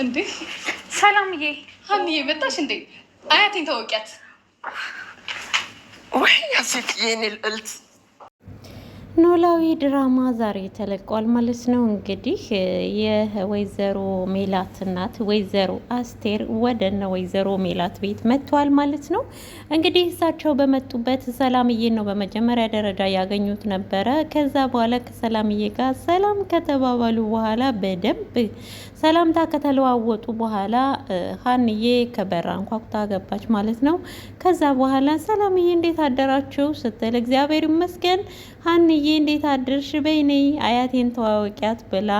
እንዴ ሰላምዬ፣ ሀኒዬ መጣሽ እንዴ? አያቴን ተወቂያት ወይ ያሴት የኔ ልዕልት ኖላዊ ድራማ ዛሬ ተለቋል ማለት ነው። እንግዲህ የወይዘሮ ሜላት እናት ወይዘሮ አስቴር ወደ ወይዘሮ ሜላት ቤት መጥተዋል ማለት ነው። እንግዲህ እሳቸው በመጡበት ሰላምዬን ነው በመጀመሪያ ደረጃ ያገኙት ነበረ። ከዛ በኋላ ከሰላምዬ ጋር ሰላም ከተባባሉ በኋላ በደንብ ሰላምታ ከተለዋወጡ በኋላ ሀንዬ ከበራ እንኳኩታ ገባች ማለት ነው። ከዛ በኋላ ሰላምዬ እንዴት አደራችሁ ስትል እግዚአብሔር ይመስገን ሀንዬ ሀንዬ እንዴት አድርሽ በይኔ አያቴን ተዋወቂያት ብላ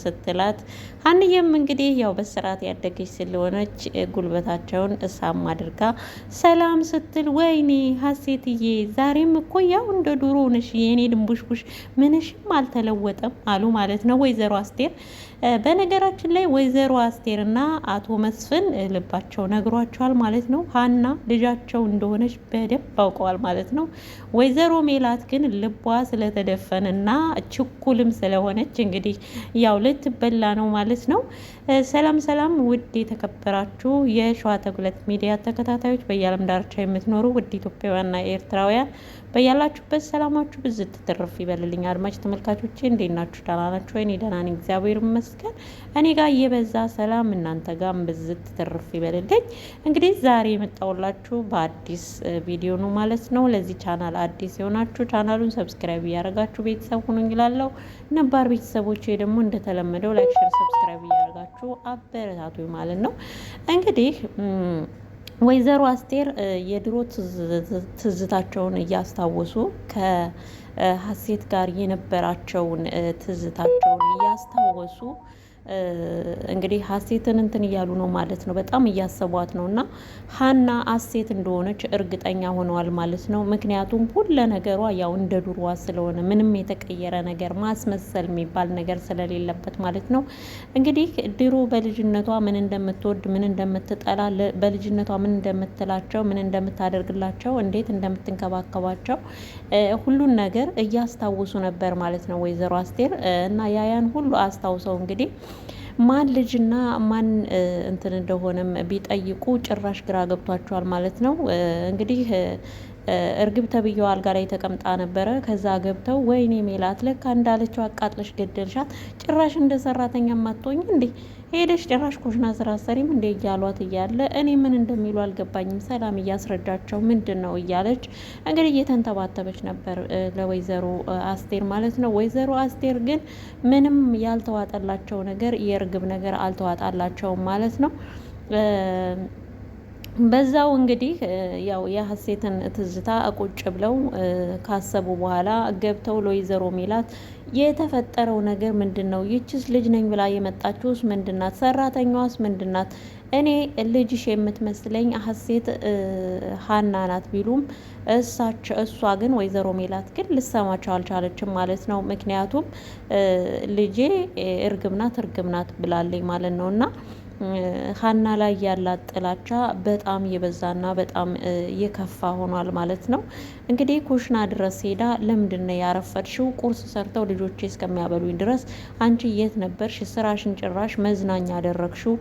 ስትላት ሀንዬም እንግዲህ ያው በስርዓት ያደገች ስለሆነች ጉልበታቸውን እሳም አድርጋ ሰላም ስትል ወይኔ ሀሴትዬ ዛሬም እኮ ያው እንደ ዱሮ ነሽ የእኔ ድንቡሽቡሽ ምንሽም አልተለወጠም አሉ ማለት ነው ወይዘሮ አስቴር በነገራችን ላይ ወይዘሮ አስቴርና አቶ መስፍን ልባቸው ነግሯቸዋል ማለት ነው። ሀና ልጃቸው እንደሆነች በደንብ አውቀዋል ማለት ነው። ወይዘሮ ሜላት ግን ልቧ ስለተደፈነና ችኩልም ስለሆነች እንግዲህ ያው ልትበላ ነው ማለት ነው። ሰላም ሰላም፣ ውድ የተከበራችሁ የሸዋ ተጉለት ሚዲያ ተከታታዮች በየለም ዳርቻ የምትኖሩ ውድ ኢትዮጵያውያንና ኤርትራውያን በያላችሁበት ሰላማችሁ ብዝት ትርፍ ይበልልኝ። አድማጭ ተመልካቾቼ እንዴት ናችሁ? ደህና ናችሁ ወይ? እኔ ደህና ነኝ፣ እግዚአብሔር ይመስገን። እኔ ጋር የበዛ ሰላም፣ እናንተ ጋር ብዝት ትርፍ ይበልልኝ። እንግዲህ ዛሬ የመጣሁላችሁ በአዲስ ቪዲዮ ነው ማለት ነው። ለዚህ ቻናል አዲስ የሆናችሁ ቻናሉን ሰብስክራይብ እያደረጋችሁ ቤተሰብ ሁኑ እንላለው። ነባር ቤተሰቦቼ ደግሞ እንደተለመደው ላይክ፣ ሼር፣ ሰብስክራይብ እያደረጋችሁ አበረታቱ ማለት ነው እንግዲህ ወይዘሮ አስቴር የድሮ ትዝታቸውን እያስታወሱ ከሀሴት ጋር የነበራቸውን ትዝታቸውን እያስታወሱ እንግዲህ ሀሴትን እንትን እያሉ ነው ማለት ነው። በጣም እያሰቧት ነው እና ሀና አሴት እንደሆነች እርግጠኛ ሆነዋል ማለት ነው። ምክንያቱም ሁለ ነገሯ ያው እንደ ዱሯ ስለሆነ ምንም የተቀየረ ነገር ማስመሰል የሚባል ነገር ስለሌለበት ማለት ነው። እንግዲህ ድሮ በልጅነቷ ምን እንደምትወድ ምን እንደምትጠላ፣ በልጅነቷ ምን እንደምትላቸው፣ ምን እንደምታደርግላቸው፣ እንዴት እንደምትንከባከባቸው ሁሉን ነገር እያስታውሱ ነበር ማለት ነው ወይዘሮ አስቴር እና ያያን ሁሉ አስታውሰው እንግዲህ ማን ልጅና ማን እንትን እንደሆነም ቢጠይቁ ጭራሽ ግራ ገብቷቸዋል ማለት ነው እንግዲህ እርግብ ተብዬዋ አልጋ ላይ ተቀምጣ ነበረ። ከዛ ገብተው ወይኔ ሜላት ለካ እንዳለችው አቃጥለሽ ገደልሻት፣ ጭራሽ እንደ ሰራተኛ ማትሆኝ እንዴ ሄደሽ ጭራሽ ኮሽና ስራ ሰሪም እንዴ እያሏት እያለ እኔ ምን እንደሚሉ አልገባኝም፣ ሰላም እያስረዳቸው ምንድን ነው እያለች እንግዲህ እየተንተባተበች ነበር ለወይዘሮ አስቴር ማለት ነው። ወይዘሮ አስቴር ግን ምንም ያልተዋጠላቸው ነገር የእርግብ ነገር አልተዋጣላቸውም ማለት ነው። በዛው እንግዲህ ያው የሀሴትን ትዝታ አቁጭ ብለው ካሰቡ በኋላ ገብተው ለወይዘሮ ሚላት የተፈጠረው ነገር ምንድን ነው? ይችስ ልጅ ነኝ ብላ የመጣችውስ ምንድናት? ሰራተኛዋስ ምንድናት? እኔ ልጅሽ የምትመስለኝ ሀሴት ሀና ናት ቢሉም እሷ ግን ወይዘሮ ሜላት ግን ልሰማቸው አልቻለችም ማለት ነው። ምክንያቱም ልጄ እርግብ ናት ብላለኝ ማለት ነው እና ሀና ላይ ያላት ጥላቻ በጣም የበዛና በጣም የከፋ ሆኗል ማለት ነው። እንግዲህ ኩሽና ድረስ ሄዳ ለምንድነው ያረፈድሽው? ቁርስ ሰርተው ልጆቼ እስከሚያበሉኝ ድረስ አንቺ የት ነበርሽ? ስራሽን ጭራሽ መዝናኛ ያደረግሽው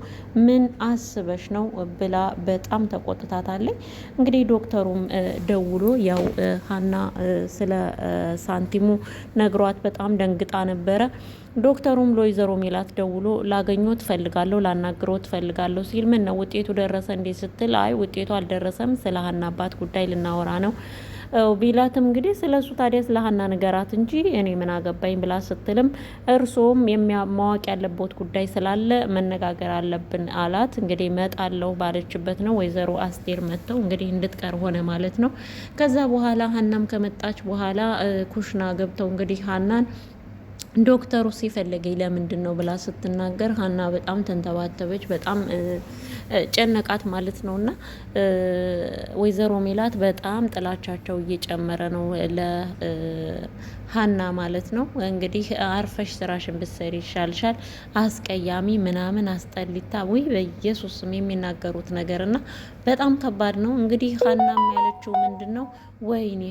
ምን አስበሽ ነው ብላ በጣም ተቆጥታታለች። እንግዲህ ዶክተሩም ደውሎ ያው ሀና ስለ ሳንቲሙ ነግሯት በጣም ደንግጣ ነበረ። ዶክተሩም ለወይዘሮ ሚላት ደውሎ ላገኘ ትፈልጋለሁ ላናግረው ትፈልጋለሁ ሲል ምን ነው ውጤቱ ደረሰ እንዴ ስትል አይ ውጤቱ አልደረሰም ስለ ሀና አባት ጉዳይ ልናወራ ነው ቢላትም እንግዲህ ስለ እሱ ታዲያ ስለ ሀና ነገራት እንጂ እኔ ምን አገባኝ ብላ ስትልም እርስዎም ማወቅ ያለበት ጉዳይ ስላለ መነጋገር አለብን አላት። እንግዲህ መጣለው ባለችበት ነው ወይዘሮ አስቴር መጥተው እንግዲህ እንድትቀር ሆነ ማለት ነው። ከዛ በኋላ ሀናም ከመጣች በኋላ ኩሽና ገብተው እንግዲህ ሀናን ዶክተሩ ሲፈለገኝ ለምንድን ነው ብላ ስትናገር ሀና በጣም ተንተባተበች፣ በጣም ጨነቃት ማለት ነው። እና ወይዘሮ ሜላት በጣም ጥላቻቸው እየጨመረ ነው ለሀና ማለት ነው። እንግዲህ አርፈሽ ስራሽን ብትሰሪ ይሻልሻል፣ አስቀያሚ ምናምን አስጠሊታ፣ ወይ በኢየሱስም የሚናገሩት ነገር እና በጣም ከባድ ነው። እንግዲህ ሀና ያለችው ምንድን ነው ወይኔ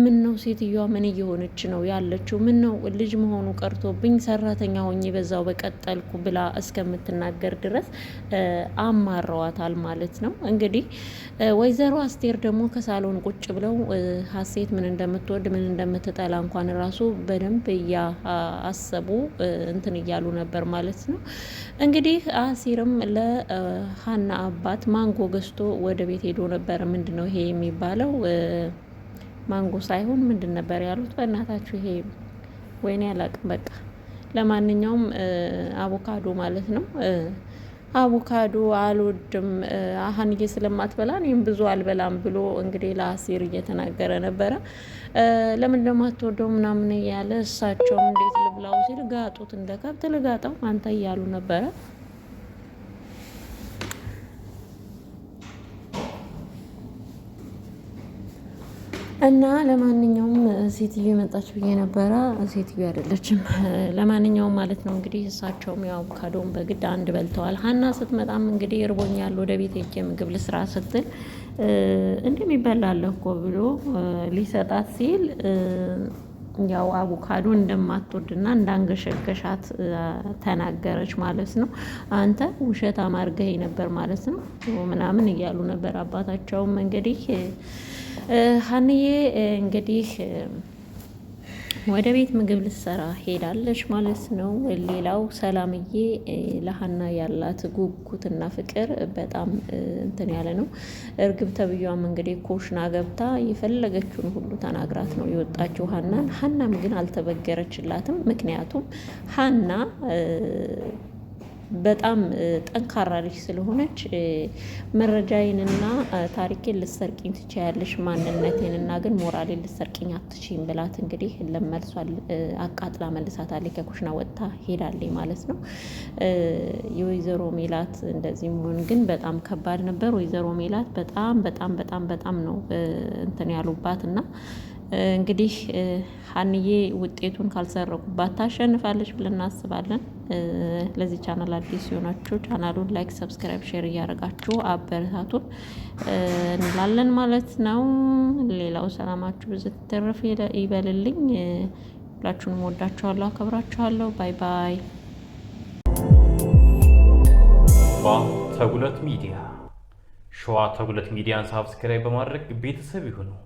ምን ነው ሴትዮዋ ምን እየሆነች ነው ያለችው? ምን ነው ልጅ መሆኑ ቀርቶብኝ ሰራተኛ ሆኜ በዛው በቀጠልኩ ብላ እስከምትናገር ድረስ አማረዋታል ማለት ነው። እንግዲህ ወይዘሮ አስቴር ደግሞ ከሳሎን ቁጭ ብለው ሀሴት ምን እንደምትወድ ምን እንደምትጠላ እንኳን ራሱ በደንብ እያአሰቡ እንትን እያሉ ነበር ማለት ነው። እንግዲህ አሲርም ለሀና አባት ማንጎ ገዝቶ ወደ ቤት ሄዶ ነበረ። ምንድን ነው ይሄ የሚባለው ማንጎ ሳይሆን ምንድን ነበር ያሉት? በእናታችሁ ይሄ ወይኔ አላቅም። በቃ ለማንኛውም አቮካዶ ማለት ነው። አቮካዶ አልወድም አሀንዬ ስለማትበላ እኔም ብዙ አልበላም ብሎ እንግዲህ ለአሲር እየተናገረ ነበረ። ለምን እንደማትወደው ምናምን እያለ እሳቸውም እንዴት ልብላው ሲል ጋጡት፣ እንደ ከብት ልጋጣው አንተ እያሉ ነበረ። እና ለማንኛውም ሴትዮ የመጣች ብዬ ነበረ። ሴትዮ አይደለችም። ለማንኛውም ማለት ነው እንግዲህ እሳቸውም ያው በግድ አንድ በልተዋል። ሀና ስትመጣም እንግዲህ እርቦኛል ወደ ቤት ሄጄ ምግብ ልስራ ስትል እንደሚበላለሁ እኮ ብሎ ሊሰጣት ሲል ያው አቮካዶ እንደማትወድና እንዳንገሸገሻት ተናገረች ማለት ነው። አንተ ውሸት አማርገኝ ነበር ማለት ነው ምናምን እያሉ ነበር አባታቸውም እንግዲህ ሀንዬ እንግዲህ ወደ ቤት ምግብ ልትሰራ ሄዳለች ማለት ነው። ሌላው ሰላምዬ ለሀና ያላት ጉጉትና ፍቅር በጣም እንትን ያለ ነው። እርግብ ተብያም እንግዲህ ኮሽና ገብታ የፈለገችውን ሁሉ ተናግራት ነው የወጣችው ሀናን። ሀናም ግን አልተበገረችላትም። ምክንያቱም ሀና በጣም ጠንካራ ልጅ ስለሆነች መረጃዬንና ታሪኬን ልሰርቂኝ ትችያለሽ፣ ማንነቴንና ግን ሞራሌን ልሰርቅኝ አትችይም ብላት እንግዲህ ለመልሷል አቃጥላ መልሳታለች። ከኩሽና ወጥታ ሄዳለች ማለት ነው። የወይዘሮ ሜላት እንደዚህ መሆን ግን በጣም ከባድ ነበር። ወይዘሮ ሜላት በጣም በጣም በጣም በጣም ነው እንትን ያሉባት እና እንግዲህ ሀንዬ ውጤቱን ካልሰረቁባት ታሸንፋለች ብለን እናስባለን። ለዚህ ቻናል አዲስ የሆናችሁ ቻናሉን ላይክ፣ ሰብስክራይብ፣ ሼር እያደረጋችሁ አበረታቱን እንላለን ማለት ነው። ሌላው ሰላማችሁ ብዙ ትርፍ ይበልልኝ። ሁላችሁንም ወዳችኋለሁ፣ አከብራችኋለሁ። ባይ ባይ። ተጉለት ሚዲያ ሸዋ ተጉለት ሚዲያን ሳብስክራይብ በማድረግ ቤተሰብ ይሁኑ።